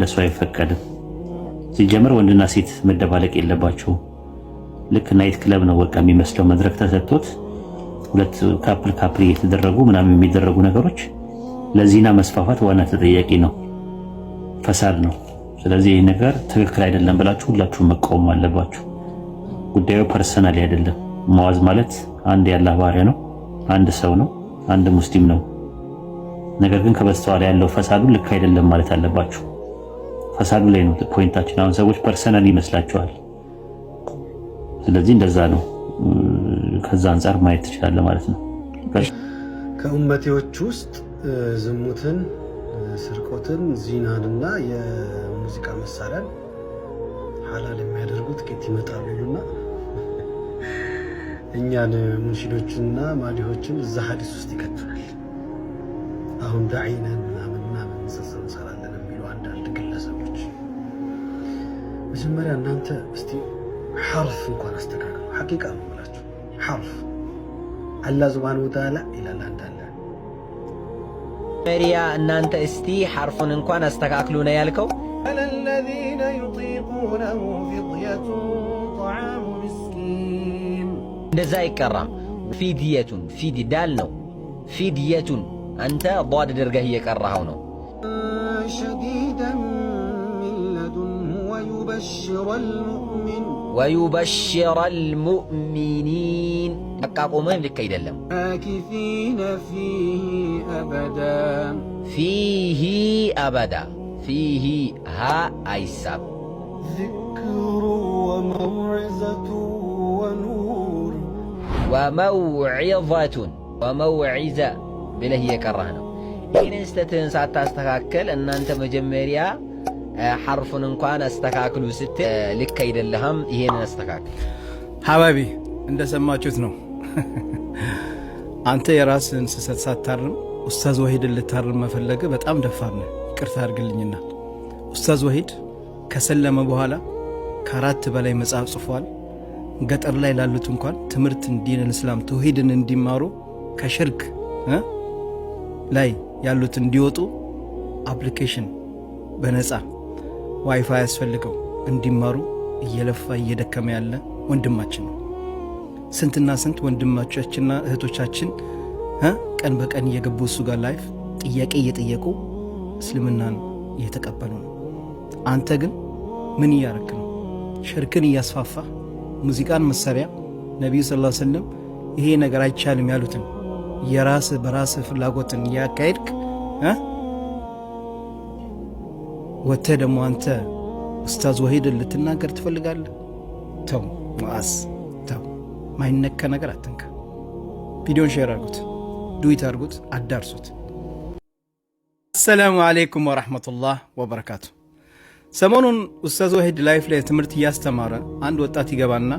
ለሱ አይፈቀድም። ሲጀምር ወንድና ሴት መደባለቅ የለባቸው። ልክ ናይት ክለብ ነው በቃ የሚመስለው መድረክ ተሰጥቶት ሁለት ካፕል ካፕል እየተደረጉ ምናምን የሚደረጉ ነገሮች ለዚህና መስፋፋት ዋና ተጠያቂ ነው ፈሳድ ነው። ስለዚህ ይህ ነገር ትክክል አይደለም ብላችሁ ሁላችሁ መቃወም አለባችሁ። ጉዳዩ ፐርሰናል አይደለም። መዋዝ ማለት አንድ ያላህ ባሪያ ነው፣ አንድ ሰው ነው፣ አንድ ሙስሊም ነው። ነገር ግን ከበስተኋላ ያለው ፈሳዱ ልክ አይደለም ማለት አለባችሁ። ሀሳቢ ላይ ነው ፖይንታችን። አሁን ሰዎች ፐርሰናል ይመስላቸዋል። ስለዚህ እንደዛ ነው። ከዛ አንጻር ማየት ትችላለህ ማለት ነው። ከኡመቴዎች ውስጥ ዝሙትን፣ ስርቆትን፣ ዚናን እና የሙዚቃ መሳሪያን ሀላል የሚያደርጉት ቄት ይመጣሉ እና እኛን ሙንሽዶችንና ማዲሆችን እዛ ሀዲስ ውስጥ ይከትላል። አሁን ዳዒነን መጀመሪያ እናንተ እስቲ ሐርፍ እንኳን አስተካክሉ። ሐቂቃ ነው ብላችሁ ሐርፍ አላህ ሱብሓነሁ ወተዓላ ይላል። አንዳለ መሪያ እናንተ እስቲ ሐርፉን እንኳን አስተካክሉ ነው ያልከው። ለለዚነ ዩጢቁነሁ ፊድየቱን ጠዓሙ ምስኪን እንደዛ አይቀራም። ፊድየቱን ፊድ ዳል ነው ፊድየቱን አንተ ዷድ አድርገህ እየቀራኸው ነው ويبشر المؤمن ويبشر المؤمنين ما يملك كيدا لهم ماكثين فيه أبدا فيه أبدا فيه ها أيساب ذكر وموعظة ونور وموعظة وموعظة بلا هي كرهنا استتنسى ስተትህን أن أنت مجمريا ሐርፉን እንኳን አስተካክሉ ስትል ልክ አይደለህም። ይሄን አስተካክል ሀባቢ። እንደሰማችሁት ነው። አንተ የራስን ስህተት ሳታርም ኡስታዝ ወሂድን ልታርም መፈለግ በጣም ደፋር ነው። ቅርታ አድርግልኝና ኡስታዝ ወሂድ ከሰለመ በኋላ ከአራት በላይ መጽሐፍ ጽፏል። ገጠር ላይ ላሉት እንኳን ትምህርት ዲነል እስላም ተውሂድን እንዲማሩ ከሽርክ ላይ ያሉት እንዲወጡ አፕሊኬሽን በነፃ ዋይፋይ ያስፈልገው እንዲማሩ እየለፋ እየደከመ ያለ ወንድማችን ነው። ስንትና ስንት ወንድማቻችንና እህቶቻችን ቀን በቀን እየገቡ እሱ ጋር ላይፍ ጥያቄ እየጠየቁ እስልምናን እየተቀበሉ ነው። አንተ ግን ምን እያረክ ነው? ሽርክን እያስፋፋ ሙዚቃን መሳሪያ ነቢዩ ስ ስለም ይሄ ነገር አይቻልም ያሉትን የራስ በራስ ፍላጎትን እያካሄድክ ወጥተህ ደግሞ አንተ ኡስታዝ ወሂድን ልትናገር ትፈልጋለህ? ተው ሙአዝ ተው፣ ማይነከ ነገር አትንካ። ቪዲዮን ሼር አርጉት፣ ዱዊት አርጉት፣ አዳርሱት። አሰላሙ አሌይኩም ወረሕመቱላህ ወበረካቱ። ሰሞኑን ኡስታዝ ወሂድ ላይፍ ላይ ትምህርት እያስተማረ አንድ ወጣት ይገባና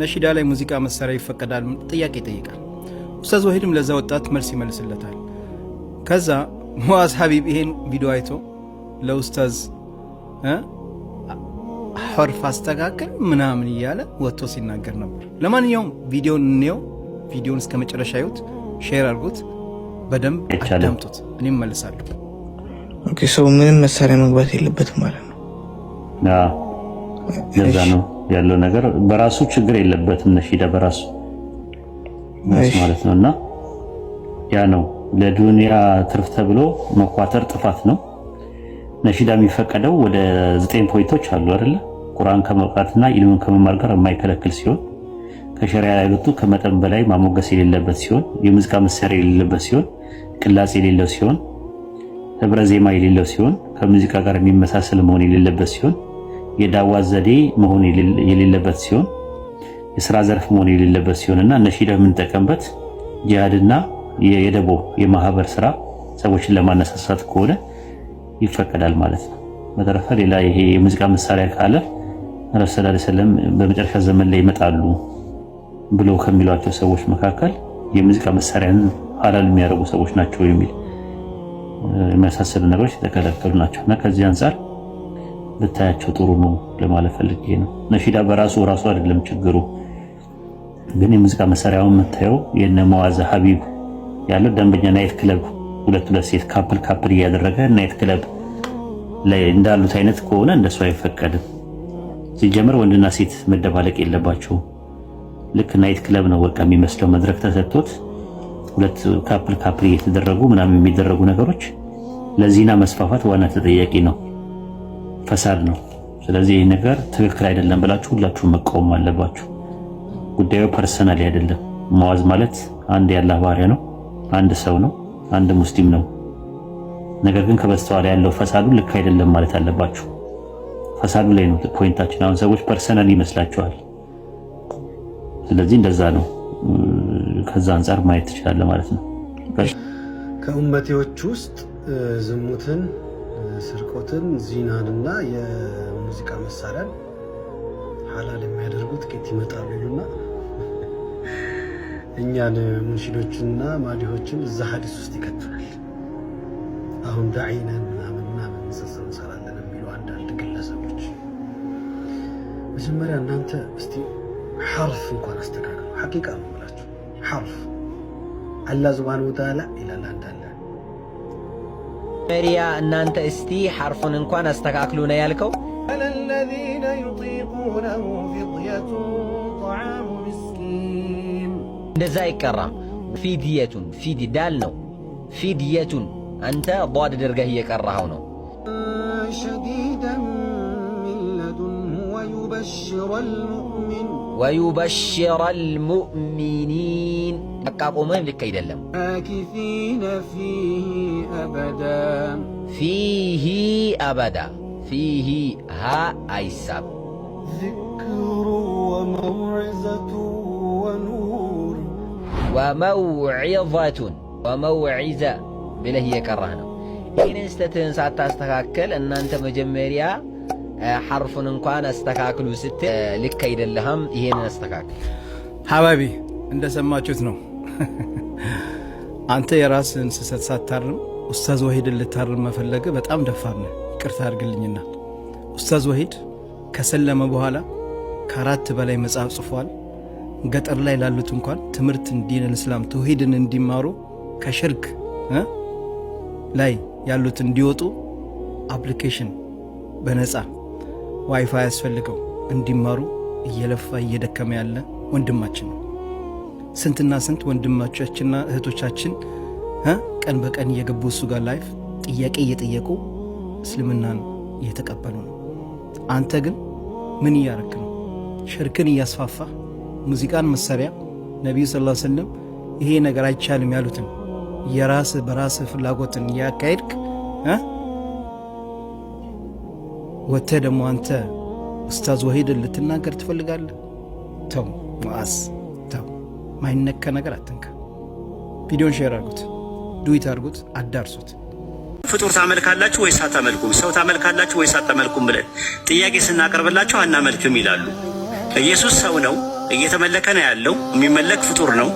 ነሺዳ ላይ ሙዚቃ መሳሪያ ይፈቀዳል ጥያቄ ይጠይቃል። ኡስታዝ ወሂድም ለዛ ወጣት መልስ ይመልስለታል። ከዛ ሙአዝ ሀቢብ ይሄን ቪዲዮ አይቶ ለኡስታዝ ሐርፍ አስተካከል ምናምን እያለ ወጥቶ ሲናገር ነበር። ለማንኛውም ቪዲዮን እንየው። ቪዲዮን እስከ መጨረሻ ይዩት፣ ሼር አድርጉት፣ በደንብ አዳምጡት። እኔም መልሳለሁ። ሰው ምንም መሳሪያ መግባት የለበትም ማለት ነው። ለዛ ነው ያለው ነገር በራሱ ችግር የለበትም። ነሺዳ በራሱ ማለት ነው እና ያ ነው ለዱንያ ትርፍ ተብሎ መኳተር ጥፋት ነው። ነሺዳ የሚፈቀደው ወደ ዘጠኝ ፖይንቶች አሉ አይደለ? ቁርአን ከመቅራትና ኢልምን ከመማር ጋር የማይከለክል ሲሆን ከሸሪያ ላይ ከመጠን በላይ ማሞገስ የሌለበት ሲሆን የሙዚቃ መሳሪያ የሌለበት ሲሆን ቅላጽ የሌለው ሲሆን ህብረ ዜማ የሌለው ሲሆን ከሙዚቃ ጋር የሚመሳሰል መሆን የሌለበት ሲሆን የዳዋ ዘዴ መሆን የሌለበት ሲሆን የስራ ዘርፍ መሆን የሌለበት ሲሆን እና ነሺዳ የምንጠቀምበት ጂሃድና የደቦ የማህበር ስራ ሰዎችን ለማነሳሳት ከሆነ ይፈቀዳል ማለት ነው። በተረፈ ሌላ ይሄ የሙዚቃ መሳሪያ ካለ ረሱ ላ ሰለም በመጨረሻ ዘመን ላይ ይመጣሉ ብለው ከሚሏቸው ሰዎች መካከል የሙዚቃ መሳሪያን ሀላል የሚያደርጉ ሰዎች ናቸው የሚል የሚያሳስሉ ነገሮች የተከለከሉ ናቸው እና ከዚህ አንጻር ብታያቸው ጥሩ ነው ለማለት ፈልጌ ነው። ነሺዳ በራሱ ራሱ አይደለም ችግሩ፣ ግን የሙዚቃ መሳሪያውን የምታየው የነ መዋዘ ሀቢብ ያለው ደንበኛ ናይት ክለብ ሁለት ሁለት ሴት ካፕል ካፕል እያደረገ ናይት ክለብ ላይ እንዳሉት አይነት ከሆነ እንደሱ አይፈቀድም። ሲጀመር ወንድና ሴት መደባለቅ የለባቸውም። ልክ ናይት ክለብ ነው በቃ የሚመስለው መድረክ ተሰጥቶት ሁለት ካፕል ካፕል እየተደረጉ ምናምን የሚደረጉ ነገሮች ለዚህና መስፋፋት ዋና ተጠያቂ ነው ፈሳድ ነው። ስለዚህ ይህ ነገር ትክክል አይደለም ብላችሁ ሁላችሁም መቃወም አለባችሁ። ጉዳዩ ፐርሰናል አይደለም። መዋዝ ማለት አንድ ያላህ ባህሪያ ነው። አንድ ሰው ነው። አንድ ሙስሊም ነው። ነገር ግን ከበስተኋላ ያለው ፈሳዱ ልክ አይደለም ማለት አለባችሁ። ፈሳዱ ላይ ነው ፖይንታችን። አሁን ሰዎች ፐርሰናል ይመስላችኋል። ስለዚህ እንደዛ ነው። ከዛ አንጻር ማየት ትችላለህ ማለት ነው። ከኡመቴዎች ውስጥ ዝሙትን፣ ስርቆትን፣ እና የሙዚቃ መሳሪያን ሀላል የሚያደርጉት ጌት ይመጣሉና እኛን ሙንሽዶችንና ማዲሆችን እዛ ሀዲስ ውስጥ ይከትላል። አሁን ዳዒነን ምናምን ምናምን ንጽጽር እንሰራለን የሚሉ አንዳንድ ግለሰቦች መጀመሪያ እናንተ እስቲ ሐርፍ እንኳን አስተካክሉ። ሐቂቃ ነው ብላችሁ ሐርፍ አላህ ሱብሓነሁ ወተዓላ ይላል አንዳለ መሪያ እናንተ እስቲ ሐርፉን እንኳን አስተካክሉ ነው ያልከው። ለለዚነ ዩጢቁነሁ ፊድየቱን ጣዓሙ نزايكرا في ديتون في دي دالنو في ديتون أنت ضاد درجة هي كرهونو شديدا من لدن ويبشر المؤمن ويبشر المؤمنين أكاقو مهم لكي دلم آكثين فيه أبدا فيه أبدا فيه ها أيساب ذكر وموعظة ወመውዒዘቱን ወመውዒዘ ብለህ እየቀራህ ነው። ይህንን ስተትህን ሳታስተካከል እናንተ መጀመሪያ ሐርፉን እንኳን አስተካክሉ ስትል ልክ አይደለህም። ይሄንን አስተካክል ሐባቢ። እንደሰማችሁት ነው። አንተ የራስን ስሰት ሳታርም ኡስታዝ ወሂድን ልታርም መፈለገ በጣም ደፋር ነህ። ይቅርታ አድርግልኝና ኡስታዝ ወሂድ ከሰለመ በኋላ ከአራት በላይ መጽሐፍ ጽፏል። ገጠር ላይ ላሉት እንኳን ትምህርት ዲነል እስላም ተውሂድን እንዲማሩ ከሽርክ ላይ ያሉት እንዲወጡ አፕሊኬሽን በነፃ ዋይፋይ ያስፈልገው እንዲማሩ እየለፋ እየደከመ ያለ ወንድማችን ነው። ስንትና ስንት ወንድማቻችንና እህቶቻችን ቀን በቀን እየገቡ እሱ ጋር ላይፍ ጥያቄ እየጠየቁ እስልምናን እየተቀበሉ ነው። አንተ ግን ምን እያረክ ነው? ሽርክን እያስፋፋ ሙዚቃን መሳሪያ ነቢዩ ሰለላሁ ዐለይሂ ይሄ ነገር አይቻልም ያሉትን የራስ በራስ ፍላጎትን እያካሄድክ ወተ ደግሞ አንተ ኡስታዝ ወሒድን ልትናገር ትፈልጋለህ? ተው ሙዓዝ ተው፣ ማይነካ ነገር አትንካ። ቪዲዮን ሼር አርጉት፣ ዱዊት አርጉት፣ አዳርሱት። ፍጡር ታመልካላችሁ ወይስ አታመልኩም? ሰው ታመልካላችሁ ወይስ አታመልኩም ብለን ጥያቄ ስናቀርብላቸው አናመልክም ይላሉ። ኢየሱስ ሰው ነው እየተመለከ ነው ያለው። የሚመለክ ፍጡር ነው።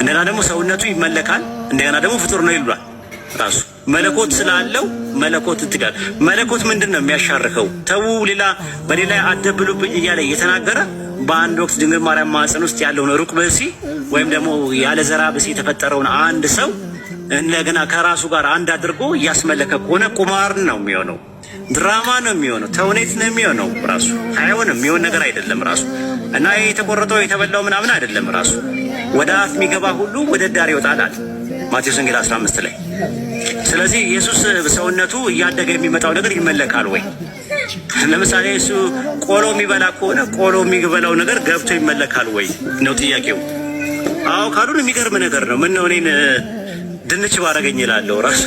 እንደገና ደግሞ ሰውነቱ ይመለካል። እንደገና ደግሞ ፍጡር ነው ይሏል። ራሱ መለኮት ስላለው መለኮት እንትጋል መለኮት ምንድን ነው የሚያሻርከው? ተዉ ሌላ በሌላ አደብሉብኝ እያለ እየተናገረ በአንድ ወቅት ድንግል ማርያም ማህፀን ውስጥ ያለውን ሩቅ ብእሲ ወይም ደግሞ ያለ ዘራ ብእሲ የተፈጠረውን አንድ ሰው እንደገና ከራሱ ጋር አንድ አድርጎ እያስመለከ ከሆነ ቁማር ነው የሚሆነው፣ ድራማ ነው የሚሆነው፣ ተውኔት ነው የሚሆነው። ራሱ ሀይሆን የሚሆን ነገር አይደለም ራሱ እና ይሄ የተቆረጠው የተበላው ምናምን አይደለም። ራሱ ወደ አፍ የሚገባ ሁሉ ወደ ዳር ይወጣል አለ ማቴዎስ ወንጌል 15 ላይ። ስለዚህ ኢየሱስ ሰውነቱ እያደገ የሚመጣው ነገር ይመለካል ወይ? ለምሳሌ እሱ ቆሎ የሚበላ ከሆነ ቆሎ የሚበላው ነገር ገብቶ ይመለካል ወይ ነው ጥያቄው። አዎ ካሉን የሚገርም ነገር ነው። ምን ነው እኔን ድንች ባረገኝ እላለሁ ራሱ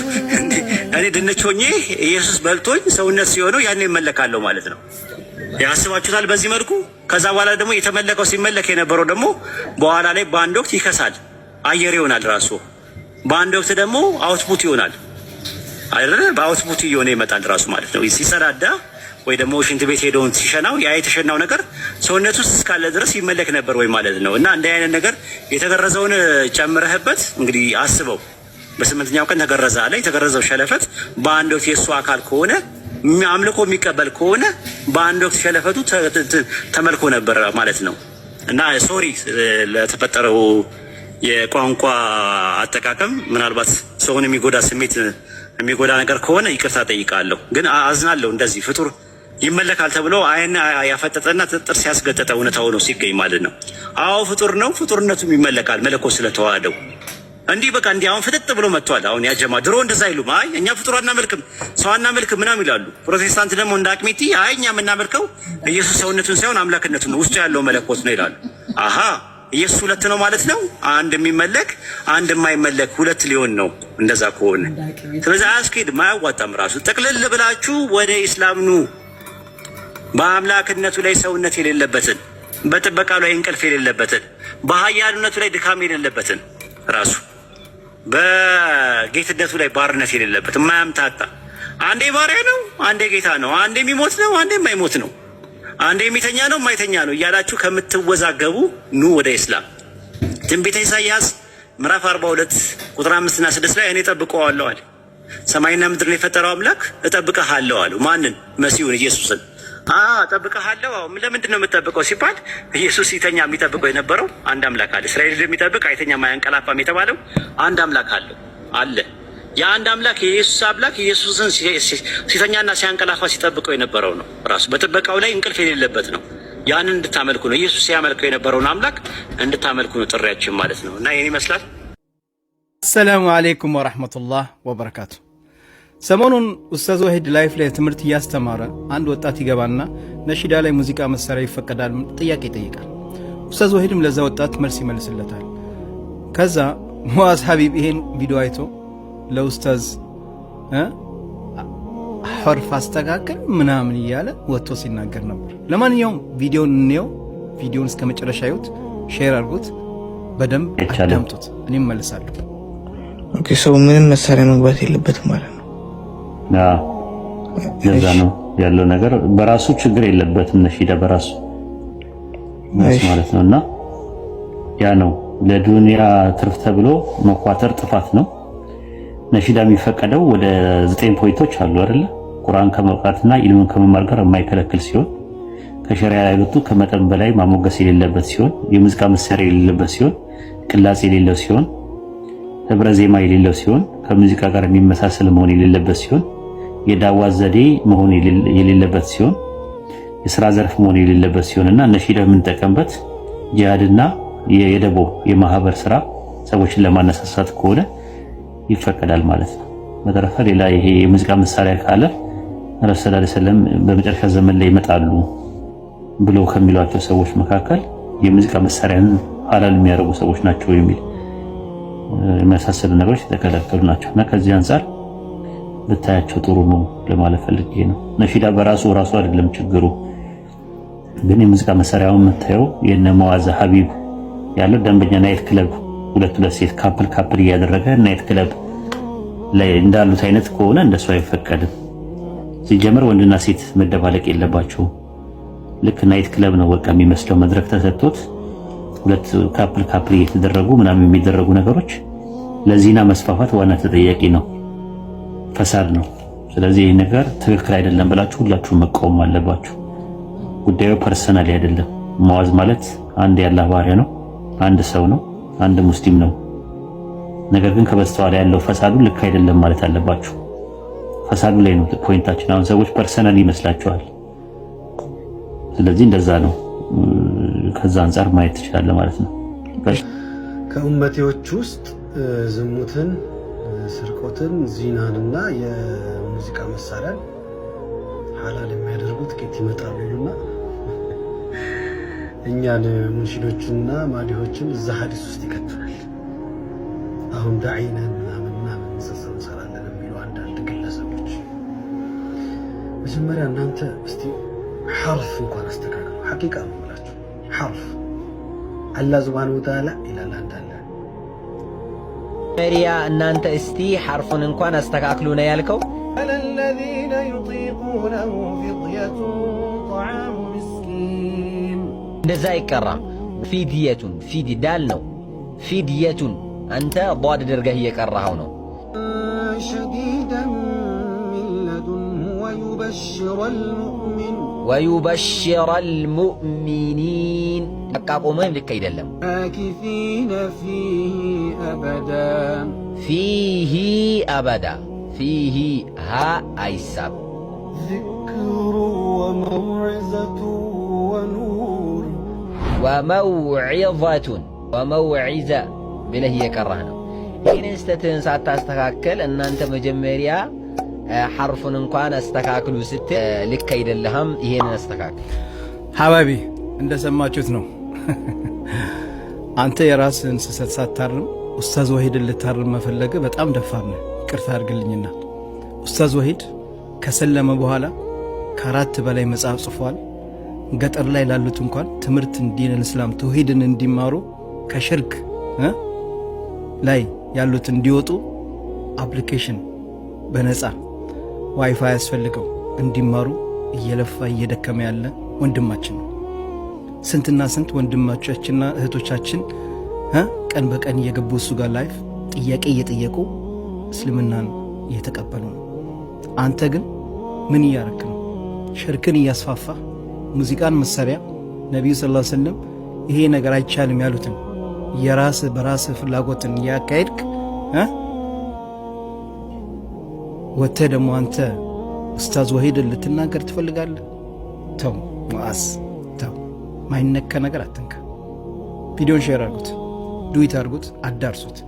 እኔ ድንች ሆኜ ኢየሱስ በልቶኝ ሰውነት ሲሆነው ያኔ ይመለካለሁ ማለት ነው። ያስባችሁታል በዚህ መልኩ ከዛ በኋላ ደግሞ የተመለከው ሲመለክ የነበረው ደግሞ በኋላ ላይ በአንድ ወቅት ይከሳል፣ አየር ይሆናል ራሱ። በአንድ ወቅት ደግሞ አውትፑት ይሆናል አይደለ? በአውትፑት እየሆነ ይመጣል ራሱ ማለት ነው። ሲሰዳዳ ወይ ደግሞ ሽንት ቤት ሄደውን ሲሸናው ያ የተሸናው ነገር ሰውነት ውስጥ እስካለ ድረስ ይመለክ ነበር ወይ ማለት ነው። እና እንዲህ አይነት ነገር የተገረዘውን ጨምረህበት እንግዲህ አስበው። በስምንተኛው ቀን ተገረዘ አለ። የተገረዘው ሸለፈት በአንድ ወቅት የእሱ አካል ከሆነ አምልኮ የሚቀበል ከሆነ በአንድ ወቅት ሸለፈቱ ተመልኮ ነበር ማለት ነው። እና ሶሪ ለተፈጠረው የቋንቋ አጠቃቀም ምናልባት ሰውን የሚጎዳ ስሜት የሚጎዳ ነገር ከሆነ ይቅርታ ጠይቃለሁ። ግን አዝናለሁ። እንደዚህ ፍጡር ይመለካል ተብሎ አይን ያፈጠጠና ጥርስ ያስገጠጠ እውነታው ነው ሲገኝ ማለት ነው። አዎ ፍጡር ነው፣ ፍጡርነቱም ይመለካል መለኮ ስለተዋደው እንዲህ በቃ እንዲህ አሁን ፍጥጥ ብሎ መጥቷል። አሁን ያጀማ ድሮ እንደዛ አይሉም። አይ እኛ ፍጡር አናመልክም ሰው አናመልክም ምናምን ይላሉ። ፕሮቴስታንት ደግሞ እንደ አቅሚቲ አይ እኛ የምናመልከው ኢየሱስ ሰውነቱን ሳይሆን አምላክነቱን ነው ውስጡ ያለው መለኮት ነው ይላሉ። አሀ ኢየሱስ ሁለት ነው ማለት ነው። አንድ የሚመለክ አንድ የማይመለክ ሁለት ሊሆን ነው እንደዛ ከሆነ። ስለዚህ አያስኬድም፣ አያዋጣም። ራሱ ጥቅልል ብላችሁ ወደ ኢስላም ኑ። በአምላክነቱ ላይ ሰውነት የሌለበትን፣ በጥበቃ ላይ እንቅልፍ የሌለበትን፣ በሀያልነቱ ላይ ድካም የሌለበትን ራሱ በጌትነቱ ላይ ባርነት የሌለበት የማያምታታ አንዴ ባሪያ ነው፣ አንዴ ጌታ ነው፣ አንዴ የሚሞት ነው፣ አንዴ የማይሞት ነው፣ አንዴ የሚተኛ ነው፣ የማይተኛ ነው እያላችሁ ከምትወዛገቡ ኑ ወደ ኢስላም። ትንቢተ ኢሳይያስ ምዕራፍ 42 ቁጥር 5 እና 6 ላይ እኔ እጠብቀዋለሁ አለ። ሰማይና ምድርን የፈጠረው አምላክ እጠብቀሃለሁ አሉ። ማንን? መሲሁን ኢየሱስን። ጠብቀሃለሁ። ለምንድን ነው የምጠብቀው ሲባል ኢየሱስ ይተኛ የሚጠብቀው የነበረው አንድ አምላክ አለ። እስራኤል የሚጠብቅ አይተኛም አያንቀላፋም የተባለው አንድ አምላክ አለ አለ የአንድ አምላክ የኢየሱስ አምላክ ኢየሱስን ሲተኛና ሲያንቀላፋ ሲጠብቀው የነበረው ነው። ራሱ በጥበቃው ላይ እንቅልፍ የሌለበት ነው። ያንን እንድታመልኩ ነው። ኢየሱስ ሲያመልከው የነበረውን አምላክ እንድታመልኩ ነው ጥሪያችን ማለት ነው። እና ይህን ይመስላል። አሰላሙ አሌይኩም ወረህመቱላህ ወበረካቱ ሰሞኑን ኡስታዝ ዋሂድ ላይፍ ላይ ትምህርት እያስተማረ አንድ ወጣት ይገባና ነሺዳ ላይ ሙዚቃ መሳሪያ ይፈቀዳል ጥያቄ ይጠይቃል። ኡስታዝ ዋሂድም ለዛ ወጣት መልስ ይመልስለታል። ከዛ ሙዋዝ ሀቢብ ይሄን ቪዲዮ አይቶ ለኡስታዝ ሐርፍ አስተካክል ምናምን እያለ ወጥቶ ሲናገር ነበር። ለማንኛውም ቪዲዮን እንየው። ቪዲዮን እስከ መጨረሻ ይዩት፣ ሼር አድርጉት፣ በደንብ አዳምጡት። እኔም መልሳለሁ። ሰው ምንም መሳሪያ መግባት የለበትም ማለት ነው ለዛ ነው ያለው ነገር በራሱ ችግር የለበትም። ነሺዳ በራሱ ማለት ነው እና ያ ነው ለዱንያ ትርፍ ተብሎ መኳተር ጥፋት ነው። ነሺዳ የሚፈቀደው ወደ ዘጠኝ ፖይንቶች አሉ አይደለ? ቁርአን ከመቅራትና ኢልምን ከመማር ጋር የማይከለክል ሲሆን ከሸሪያ ላይ ከመጠን በላይ ማሞገስ የሌለበት ሲሆን የሙዚቃ መሳሪያ የሌለበት ሲሆን ቅላጽ የሌለው ሲሆን ህብረ ዜማ የሌለው ሲሆን ከሙዚቃ ጋር የሚመሳሰል መሆን የሌለበት ሲሆን የዳዋ ዘዴ መሆን የሌለበት ሲሆን የስራ ዘርፍ መሆን የሌለበት ሲሆንና እና ነሺዳ የምንጠቀምበት ጂሃድና የደቦ የማህበር ስራ ሰዎችን ለማነሳሳት ከሆነ ይፈቀዳል ማለት ነው። በተረፈ ሌላ ይሄ የሙዚቃ መሳሪያ ካለ ረሱ ላ ሰለም በመጨረሻ ዘመን ላይ ይመጣሉ ብሎ ከሚሏቸው ሰዎች መካከል የሙዚቃ መሳሪያን ሀላል የሚያደርጉ ሰዎች ናቸው የሚል የመሳሰሉ ነገሮች የተከለከሉ ናቸው እና ከዚህ አንጻር ብታያቸው ጥሩ ነው ለማለት ፈልጌ ነው። ነሺዳ በራሱ ራሱ አይደለም ችግሩ፣ ግን የሙዚቃ መሳሪያውን የምታየው የነ ሀቢብ ያለው ደንበኛ ናይት ክለብ ሁለት ሁለት ሴት ካፕል ካፕል እያደረገ ናይት ክለብ ላይ እንዳሉት አይነት ከሆነ እንደሱ አይፈቀድም። ሲጀምር ወንድና ሴት መደባለቅ የለባቸውም። ልክ ናይት ክለብ ነው በቃ የሚመስለው መድረክ ተሰጥቶት ሁለት ካፕል ካፕል እየተደረጉ ምናምን የሚደረጉ ነገሮች ለዚህና መስፋፋት ዋና ተጠያቂ ነው ፈሳድ ነው። ስለዚህ ይህ ነገር ትክክል አይደለም ብላችሁ ሁላችሁ መቃወም አለባችሁ። ጉዳዩ ፐርሰናል አይደለም። መዋዝ ማለት አንድ የአላህ ባሪያ ነው፣ አንድ ሰው ነው፣ አንድ ሙስሊም ነው። ነገር ግን ከበስተኋላ ያለው ፈሳዱ ልክ አይደለም ማለት አለባችሁ። ፈሳዱ ላይ ነው ፖይንታችን። አሁን ሰዎች ፐርሰናል ይመስላችኋል። ስለዚህ እንደዛ ነው። ከዛ አንጻር ማየት ትችላለህ ማለት ነው። ከኡመቴዎች ውስጥ ዝሙትን፣ ስርቆትን፣ ዚናንና የሙዚቃ መሳሪያን ሀላል የሚያደርጉት ቄት ይመጣሉ እና እኛን ሙንሽዶችንና ማዲሆችን እዛ ሀዲስ ውስጥ ይከትላል አሁን ዳዒነን ምናምን ምናምን እንሰራለን የሚሉ አንዳንድ ግለሰቦች መጀመሪያ እናንተ እስቲ ሐርፍ እንኳን አስተካክሉ ሐቂቃ ነው ሐርፍ አላህ ሱብሓነሁ ወተዓላ ይላል። አንዳለ መሪያ እናንተ እስቲ ሐርፉን እንኳን አስተካክሉ ነው ያልከው። አለዚነ ዩጢቁነሁ ፊድየቱን ጠዓሙ ምስኪን እንደዛ አይቀራም። ፊድየቱን ፊድ ዳል ነው። ፊድየቱን አንተ ቧድ ደርገህ እየቀራኸው ነው። ሸዲደን ሚን ለዱንሁ ወዩበሽረል ويبشر المؤمنين أكاقوم مهم لك كيد اللم آكثين فيه أبدا فيه أبدا فيه ها أيساب ذكر وموعظة ونور وموعظة وموعظة بلا هي كرهنا إن استتن ساعة أن أنت مجمريا ሐርፉን እንኳን አስተካክሉ ስት ልክ አይደለህም። ይሄንን አስተካክል ሀባቢ። እንደሰማችሁት ነው። አንተ የራስህን ስህተት ሳታርም ኡስታዝ ወሂድን ልታርም መፈለገ በጣም ደፋር ነህ። ቅርታ አድርግልኝና ኡስታዝ ወሂድ ከሰለመ በኋላ ከአራት በላይ መጽሐፍ ጽፏል። ገጠር ላይ ላሉት እንኳን ትምህርት ዲነል እስላም ተውሂድን እንዲማሩ ከሽርክ ላይ ያሉት እንዲወጡ አፕሊኬሽን በነፃ ዋይፋይ ያስፈልገው እንዲማሩ እየለፋ እየደከመ ያለ ወንድማችን ነው። ስንትና ስንት ወንድማቻችንና እህቶቻችን ቀን በቀን እየገቡ እሱ ጋር ላይፍ ጥያቄ እየጠየቁ እስልምናን እየተቀበሉ ነው። አንተ ግን ምን እያረክ ነው? ሽርክን እያስፋፋ ሙዚቃን መሳሪያ ነቢዩ ስ ላ ስለም ይሄ ነገር አይቻልም ያሉትን የራስ በራስ ፍላጎትን እያካሄድክ ወተ ደግሞ አንተ ኡስታዝ ወሂድን ልትናገር ትፈልጋለህ? ተው ሙአዝ ተው፣ ማይነካ ነገር አትንካ። ቪዲዮን ሼር አርጉት፣ ዱዊት አርጉት፣ አዳርሱት።